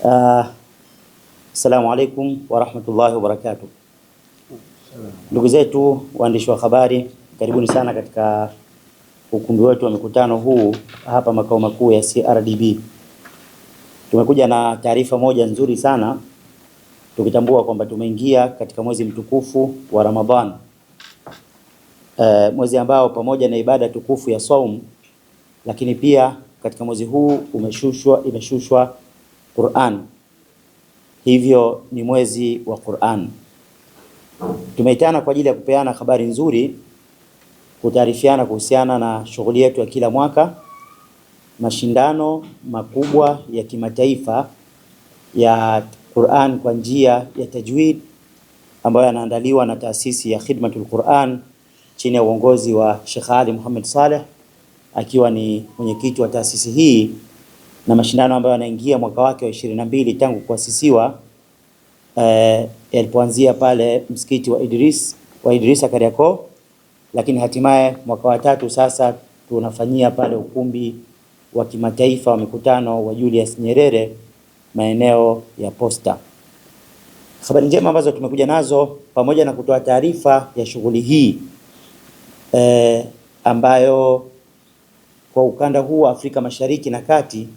Uh, assalamu alaikum warahmatullahi wabarakatu Ndugu zetu waandishi wa habari, karibuni sana katika ukumbi wetu wa mikutano huu hapa makao makuu ya CRDB. Tumekuja na taarifa moja nzuri sana tukitambua kwamba tumeingia katika mwezi mtukufu wa Ramadhan. Uh, mwezi ambao pamoja na ibada tukufu ya saum, lakini pia katika mwezi huu umeshushwa imeshushwa Qur'an. Hivyo ni mwezi wa Qur'an. Tumeitana kwa ajili ya kupeana habari nzuri, kutaarifiana kuhusiana na shughuli yetu ya kila mwaka, mashindano makubwa ya kimataifa ya Qur'an kwa njia ya tajwid ambayo yanaandaliwa na taasisi ya Khidmatul Qur'an chini ya uongozi wa Sheikh Ali Muhammad Saleh akiwa ni mwenyekiti wa taasisi hii na mashindano ambayo yanaingia mwaka wake wa ishirini na mbili tangu kuasisiwa eh, yalipoanzia pale msikiti wa Idris, wa Idrisa Kariakoo, lakini hatimaye mwaka wa tatu sasa tunafanyia pale ukumbi wa kimataifa wa mikutano wa Julius Nyerere maeneo ya Posta. Habari njema ambazo tumekuja nazo pamoja na kutoa taarifa ya shughuli hii eh, ambayo kwa ukanda huu wa Afrika Mashariki na Kati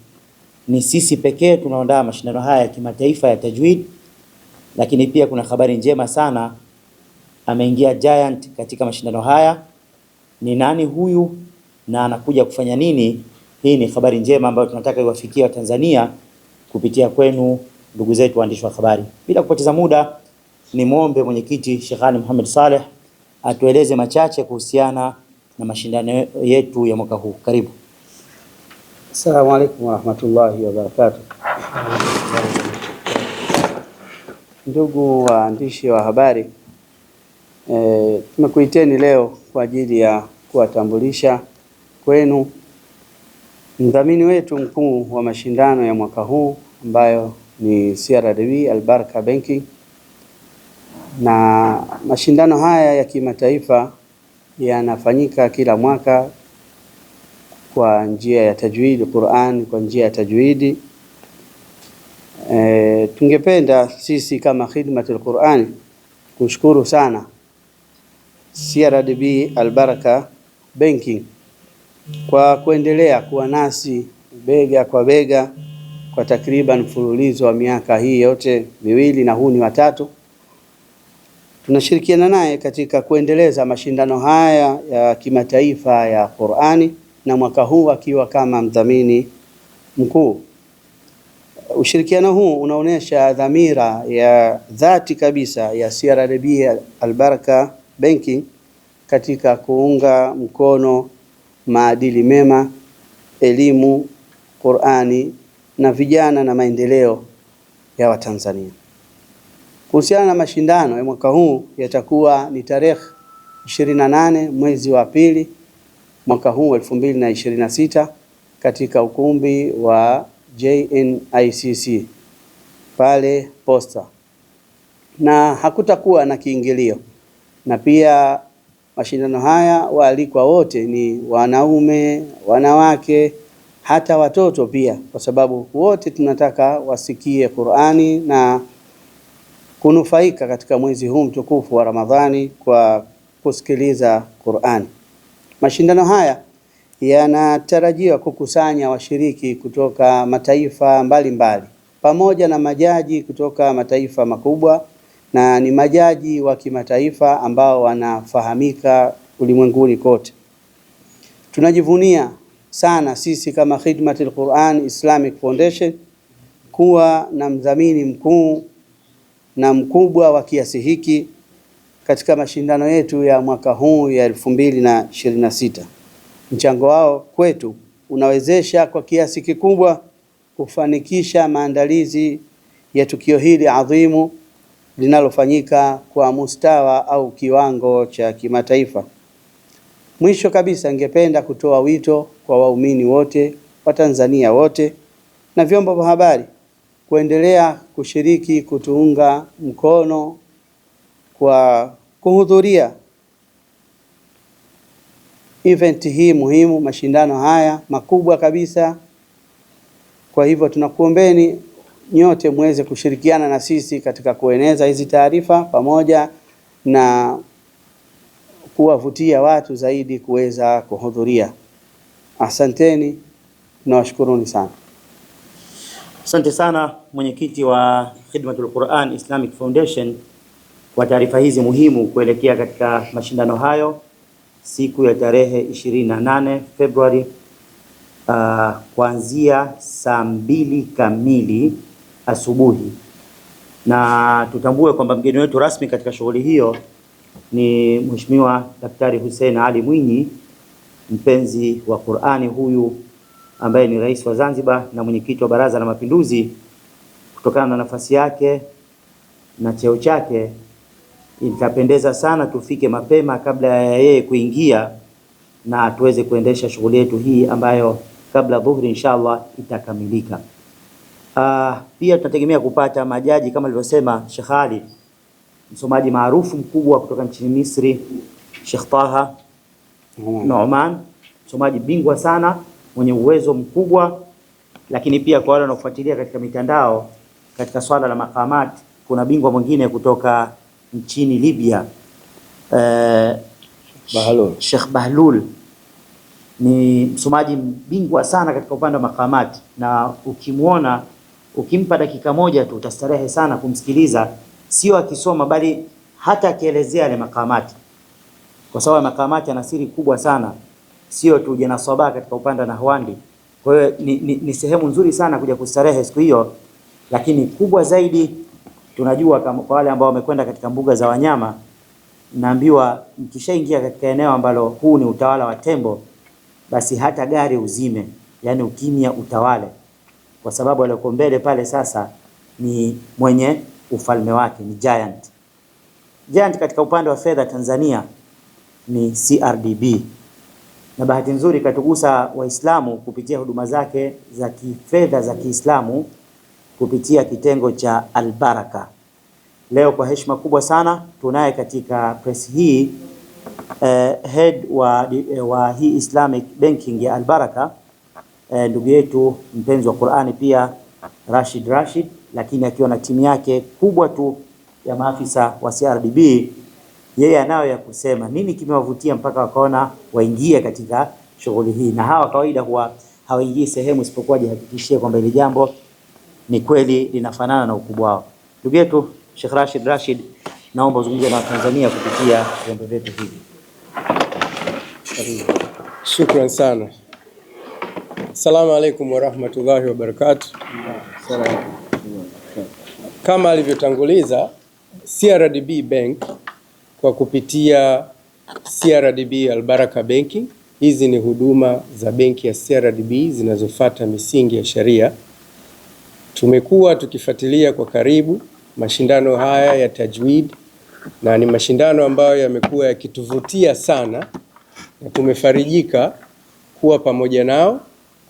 ni sisi pekee tunaoandaa mashindano haya ya kimataifa ya tajwid, lakini pia kuna habari njema sana, ameingia Giant katika mashindano haya. Ni nani huyu na anakuja kufanya nini? Hii ni habari njema ambayo tunataka iwafikie Watanzania kupitia kwenu, ndugu zetu waandishi wa habari. Bila kupoteza muda, ni muombe mwenyekiti Sheikh Ali Saleh atueleze machache kuhusiana na mashindano yetu ya mwaka huu. Karibu. Assalamu alaikum warahmatullahi wabarakatuh. Ndugu waandishi wa habari, e, tumekuiteni leo kwa ajili ya kuwatambulisha kwenu mdhamini wetu mkuu wa mashindano ya mwaka huu ambayo ni CRDB Albaraka Banking, na mashindano haya ya kimataifa yanafanyika kila mwaka kwa njia ya tajwidi Qur'an kwa njia ya tajwidi. E, eh, tungependa sisi kama Khidmatul Qur'an kushukuru sana CRDB Albaraka Banking kwa kuendelea kuwa nasi bega kwa bega kwa takriban mfululizo wa miaka hii yote miwili na huu ni watatu. Tunashirikiana naye katika kuendeleza mashindano haya ya kimataifa ya Qur'ani na mwaka huu akiwa kama mdhamini mkuu. Ushirikiano huu unaonyesha dhamira ya dhati kabisa ya CRDB Albaraka Banking katika kuunga mkono maadili mema, elimu, Qur'ani na vijana na maendeleo ya Watanzania. Kuhusiana na mashindano ya mwaka huu yatakuwa ni tarehe 28 mwezi wa pili mwaka huu 2026 katika ukumbi wa JNICC pale Posta, na hakutakuwa na kiingilio, na pia mashindano haya waalikwa wote ni wanaume, wanawake, hata watoto pia, kwa sababu wote tunataka wasikie Qur'ani na kunufaika katika mwezi huu mtukufu wa Ramadhani kwa kusikiliza Qur'ani. Mashindano haya yanatarajiwa kukusanya washiriki kutoka mataifa mbalimbali mbali, pamoja na majaji kutoka mataifa makubwa na ni majaji wa kimataifa ambao wanafahamika ulimwenguni kote. Tunajivunia sana sisi kama Khidmatul Quran Islamic Foundation kuwa na mdhamini mkuu na mkubwa wa kiasi hiki katika mashindano yetu ya mwaka huu ya sita. Mchango wao kwetu unawezesha kwa kiasi kikubwa kufanikisha maandalizi ya tukio hili adhimu linalofanyika kwa mustawa au kiwango cha kimataifa. Mwisho kabisa, ningependa kutoa wito kwa waumini wote, Watanzania wote na vyombo vya habari kuendelea kushiriki kutuunga mkono kwa kuhudhuria event hii muhimu, mashindano haya makubwa kabisa. Kwa hivyo tunakuombeni nyote muweze kushirikiana na sisi katika kueneza hizi taarifa pamoja na kuwavutia watu zaidi kuweza kuhudhuria. Asanteni, nawashukuruni sana. Asante sana mwenyekiti wa Khidmatul Quran Islamic Foundation kwa taarifa hizi muhimu kuelekea katika mashindano hayo siku ya tarehe 28 Februari uh, kuanzia saa mbili kamili asubuhi, na tutambue kwamba mgeni wetu rasmi katika shughuli hiyo ni Mheshimiwa Daktari Hussein Ali Mwinyi, mpenzi wa Qur'ani, huyu ambaye ni rais wa Zanzibar na mwenyekiti wa Baraza la Mapinduzi, kutokana na nafasi yake na cheo chake itapendeza sana tufike mapema kabla ya yeye kuingia na tuweze kuendesha shughuli yetu hii ambayo kabla dhuhri inshallah itakamilika. Uh, pia tunategemea kupata majaji kama alivyosema Sheikh Ali, msomaji maarufu mkubwa kutoka nchini Misri, Sheikh Taha mm. Noman, msomaji bingwa sana mwenye uwezo mkubwa, lakini pia kwa wale wanaofuatilia katika mitandao katika swala la makamati, kuna bingwa mwingine kutoka nchini Libya eh, Bahlul. Sheikh Bahlul ni msomaji mbingwa sana katika upande wa makamati, na ukimwona ukimpa dakika moja tu utastarehe sana kumsikiliza, sio akisoma, bali hata akielezea yale makamati, kwa sababu makamati ana siri kubwa sana, sio tu janaswabaa katika upande wa nahwandi. Kwa hiyo ni, ni, ni sehemu nzuri sana kuja kustarehe siku hiyo, lakini kubwa zaidi Tunajua kama kwa wale ambao wamekwenda katika mbuga za wanyama, naambiwa mkishaingia katika eneo ambalo huu ni utawala wa tembo, basi hata gari uzime, yani ukimya utawale, kwa sababu alioko mbele pale sasa ni mwenye ufalme wake, ni giant. Giant katika upande wa fedha Tanzania ni CRDB, na bahati nzuri katugusa Waislamu kupitia huduma zake za kifedha za Kiislamu kupitia kitengo cha Albaraka. Leo kwa heshima kubwa sana tunaye katika press hii eh, head wa, eh, wa hii Islamic Banking ya Albaraka eh, ndugu yetu mpenzi wa Qur'ani pia Rashid Rashid, lakini akiwa na timu yake kubwa tu ya maafisa wa CRDB, yeye anayo ya kusema nini kimewavutia mpaka wakaona waingie katika shughuli hii, na hawa kawaida huwa hawaingii sehemu isipokuwa jihakikishie kwamba ile jambo ni kweli linafanana na ukubwa wao. Ndugu yetu Sheikh Rashid Rashid, naomba uzungumze na Tanzania kupitia vyombo vyetu hivi. Shukran sana. wa rahmatullahi warahmatullahi barakatuh. Kama alivyotanguliza CRDB Bank kwa kupitia CRDB Albaraka Banking, hizi ni huduma za benki ya CRDB zinazofuata misingi ya sharia. Tumekuwa tukifuatilia kwa karibu mashindano haya ya Tajweed na ni mashindano ambayo yamekuwa yakituvutia sana, na tumefarijika kuwa pamoja nao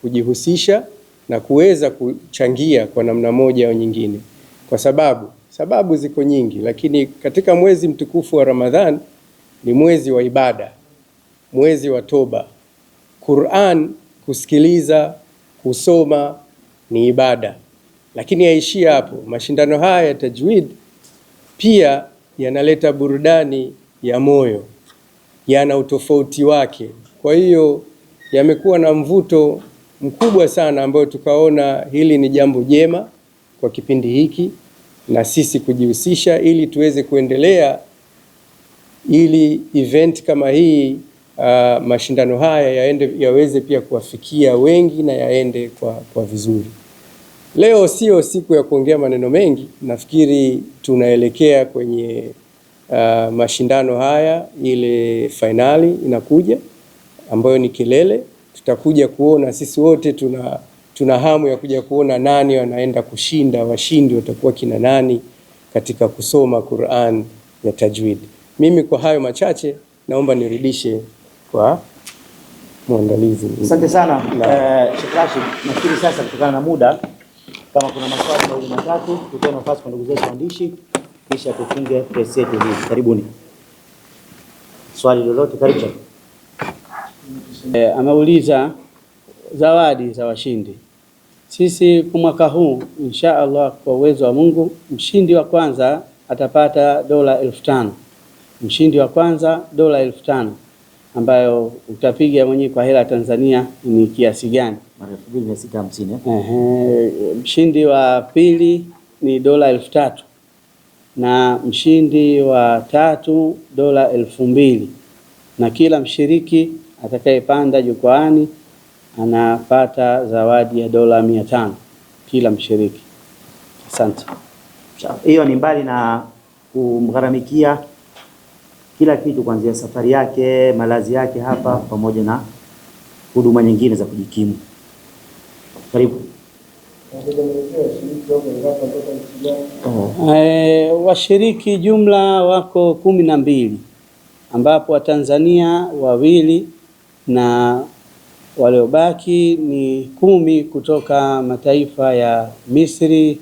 kujihusisha na kuweza kuchangia kwa namna moja au nyingine, kwa sababu sababu ziko nyingi, lakini katika mwezi mtukufu wa Ramadhan ni mwezi wa ibada, mwezi wa toba. Qur'an kusikiliza, kusoma ni ibada lakini yaishia hapo. Mashindano haya ya tajwid pia yanaleta burudani ya moyo, yana utofauti wake. Kwa hiyo yamekuwa na mvuto mkubwa sana, ambayo tukaona hili ni jambo jema kwa kipindi hiki na sisi kujihusisha, ili tuweze kuendelea ili event kama hii uh, mashindano haya yaende yaweze pia kuwafikia wengi na yaende kwa, kwa vizuri. Leo sio siku ya kuongea maneno mengi, nafikiri tunaelekea kwenye uh, mashindano haya, ile fainali inakuja ambayo ni kilele. Tutakuja kuona sisi wote tuna, tuna hamu ya kuja kuona nani wanaenda kushinda, washindi watakuwa kina nani katika kusoma Qur'an ya tajwid. Mimi kwa hayo machache naomba nirudishe kwa mwandalizi. Asante sana eh, Sheikh Rashid, nafikiri sasa kutokana na muda kama kuna maswali mawili matatu, tutoe nafasi kwa ndugu zetu waandishi, kisha tufunge press yetu hii. Karibuni, swali lolote, karibu. E, ameuliza zawadi za washindi. Sisi kwa mwaka huu insha Allah, kwa uwezo wa Mungu, mshindi wa kwanza atapata dola elfu tano. Mshindi wa kwanza dola elfu tano ambayo utapiga mwenyewe kwa hela Tanzania ni kiasi gani? mshindi wa pili ni dola elfu tatu na mshindi wa tatu dola elfu mbili na kila mshiriki atakayepanda jukwaani anapata zawadi ya dola mia tano kila mshiriki. Asante. Hiyo ni mbali na kumgharamikia kila kitu kuanzia safari yake, malazi yake hapa, pamoja na huduma nyingine za kujikimu. Karibu. E, washiriki jumla wako kumi na mbili ambapo Watanzania wawili na waliobaki ni kumi kutoka mataifa ya Misri,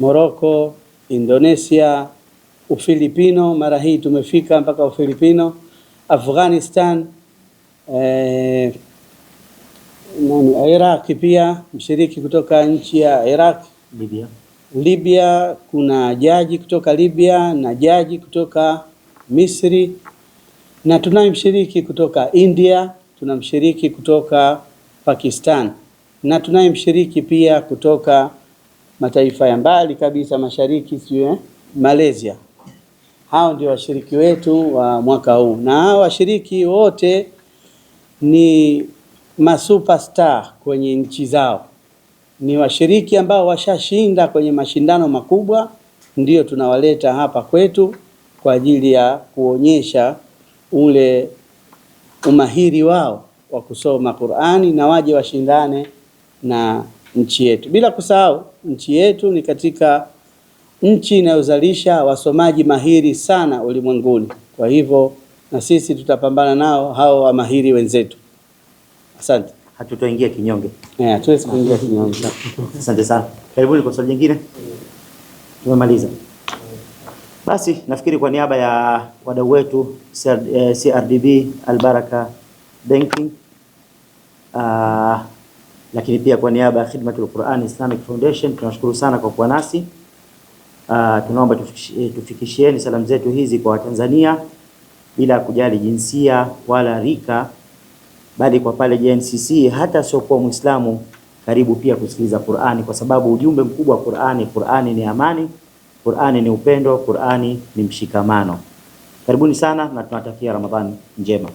Morocco, Indonesia Ufilipino, mara hii tumefika mpaka Ufilipino, Afghanistan, eh, Iraq pia mshiriki kutoka nchi ya Iraq, Libya. Libya kuna jaji kutoka Libya na jaji kutoka Misri na tunaye mshiriki kutoka India, tuna mshiriki kutoka Pakistan na tunaye mshiriki pia kutoka mataifa ya mbali kabisa mashariki, sio eh, Malaysia. Hao ndio washiriki wetu wa mwaka huu, na hao washiriki wote ni masuperstar kwenye nchi zao, ni washiriki ambao washashinda kwenye mashindano makubwa, ndio tunawaleta hapa kwetu kwa ajili ya kuonyesha ule umahiri wao wa kusoma Qur'ani na waje washindane na nchi yetu, bila kusahau nchi yetu ni katika nchi inayozalisha wasomaji mahiri sana ulimwenguni. Kwa hivyo na sisi tutapambana nao hao wa mahiri wenzetu. Asante. Hatutoingia kinyonge. Eh, hatuwezi kuingia kinyonge. Asante sana. Karibuni kwa swali jingine. Tumemaliza. Basi nafikiri kwa niaba ya wadau wetu CRDB eh, Albaraka Banking uh, lakini pia kwa niaba ya Khidmatul Quran Islamic Foundation tunashukuru sana kwa kuwa nasi. Uh, tunaomba eh, tufikishieni salamu zetu hizi kwa Watanzania bila kujali jinsia wala rika, bali kwa pale JNCC hata asiokuwa Muislamu karibu pia kusikiliza Qur'ani, kwa sababu ujumbe mkubwa wa Qur'ani, Qur'ani ni amani, Qur'ani ni upendo, Qur'ani ni mshikamano. Karibuni sana na tunatakia Ramadhani njema.